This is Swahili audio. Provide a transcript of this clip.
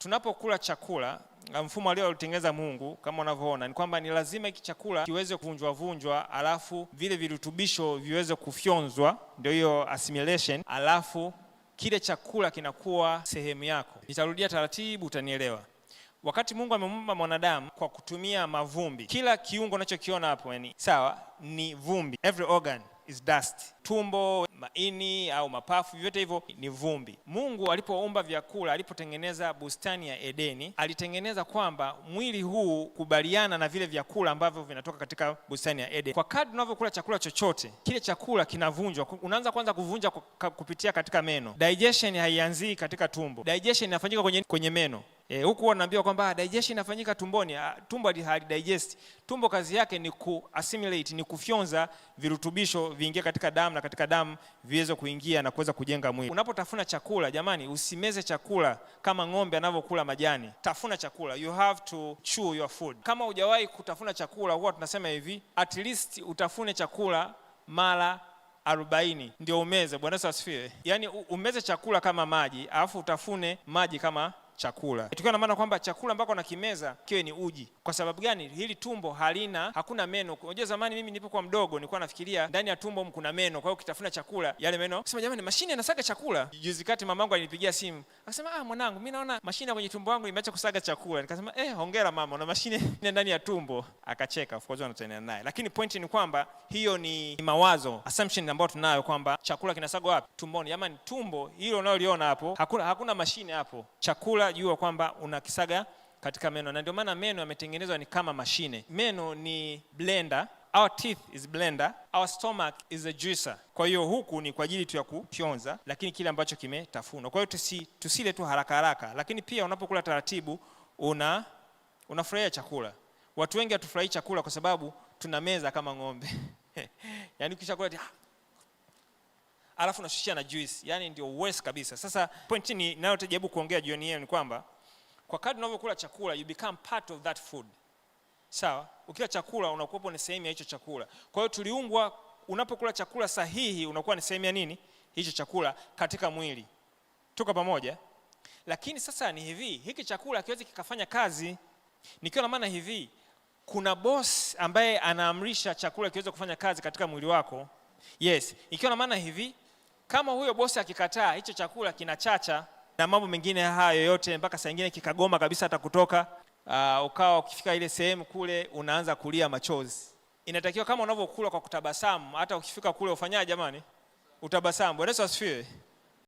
tunapokula chakula mfumo aliyotengeneza Mungu kama unavyoona ni kwamba ni lazima hiki chakula kiweze kuvunjwa vunjwa, alafu vile virutubisho viweze kufyonzwa, ndio hiyo assimilation, alafu kile chakula kinakuwa sehemu yako. Nitarudia taratibu, utanielewa. Wakati Mungu amemumba mwanadamu kwa kutumia mavumbi, kila kiungo unachokiona hapo, yani sawa, ni vumbi, every organ is dust. Tumbo, maini au mapafu, vyote hivyo ni vumbi. Mungu alipoumba vyakula, alipotengeneza bustani ya Edeni, alitengeneza kwamba mwili huu kubaliana na vile vyakula ambavyo vinatoka katika bustani ya Edeni. Kwa kadri unavyokula chakula chochote, kile chakula kinavunjwa. Unaanza kwanza kuvunja kupitia katika meno. Digestion haianzii katika tumbo, digestion inafanyika kwenye, kwenye meno. E, huku wanaambiwa kwamba digestion inafanyika tumboni, ah, tumbo digest. Tumbo kazi yake ni ku assimilate, ni kufyonza virutubisho viingie katika damu na katika damu viweze kuingia na kuweza kujenga mwili. Unapotafuna chakula, jamani, usimeze chakula kama ng'ombe anavyokula majani. Tafuna chakula, you have to chew your food. Kama hujawahi kutafuna chakula, huwa tunasema hivi, at least utafune chakula mara arobaini ndio umeze. Bwana Yesu asifiwe. Yaani umeze chakula kama maji, alafu utafune maji kama chakula, tukiwa na maana kwamba chakula ambako nakimeza kiwe ni uji. Kwa sababu gani? Hili tumbo halina, hakuna meno. Unajua zamani mimi nilipokuwa mdogo nilikuwa nafikiria ndani ya tumbo kuna meno, kwa hiyo ukitafuna chakula yale meno. Sema jamani, mashine inasaga chakula. Juzi kati mamangu alinipigia simu akasema, ah, mwanangu, mi naona mashine kwenye tumbo wangu imeacha kusaga chakula. Nikasema eh, hongera mama, na mashine ndani ya tumbo. Akacheka, of course wanatania naye, lakini pointi ni kwamba hiyo ni mawazo assumption ambayo tunayo kwamba chakula kinasagwa wapi? Tumboni. Jamani, tumbo hilo unaloliona hapo, hakuna hakuna mashine hapo, chakula jua kwamba una kisaga katika meno, na ndio maana meno yametengenezwa ni kama mashine. Meno ni blender, our teeth is blender, our stomach is a juicer. Kwa hiyo huku ni kwa ajili tu ya kufyonza, lakini kile ambacho kimetafunwa. Kwa hiyo tusi, tusile tu haraka haraka, lakini pia unapokula taratibu una unafurahia chakula. Watu wengi hatufurahii chakula kwa sababu tuna meza kama ng'ombe. Yaani ukishakula ah, alafu nashusha na juice, yani ndio worst kabisa. Sasa point ni ninayojaribu kuongea jioni yenu ni kwamba kwa kadri unavyokula chakula you become part of that food. Sawa, ukila chakula unakuwa ni sehemu ya hicho chakula. Kwa hiyo tuliungwa, unapokula chakula sahihi unakuwa ni sehemu ya nini hicho chakula katika mwili. Tuko pamoja? Lakini sasa ni hivi, hiki chakula hakiwezi kikafanya kazi, nikiwa na maana hivi, kuna boss ambaye anaamrisha chakula kiweze kufanya kazi katika mwili wako. Yes, ikiwa na maana hivi, kama huyo bosi akikataa, hicho chakula kinachacha na mambo mengine hayo yote, mpaka saa nyingine kikagoma kabisa hata kutoka uh, ukawa ukifika ile sehemu kule unaanza kulia machozi. Inatakiwa kama unavyokula kwa kutabasamu, hata ukifika kule ufanyaje jamani? Utabasamu. Bwana Yesu asifiwe.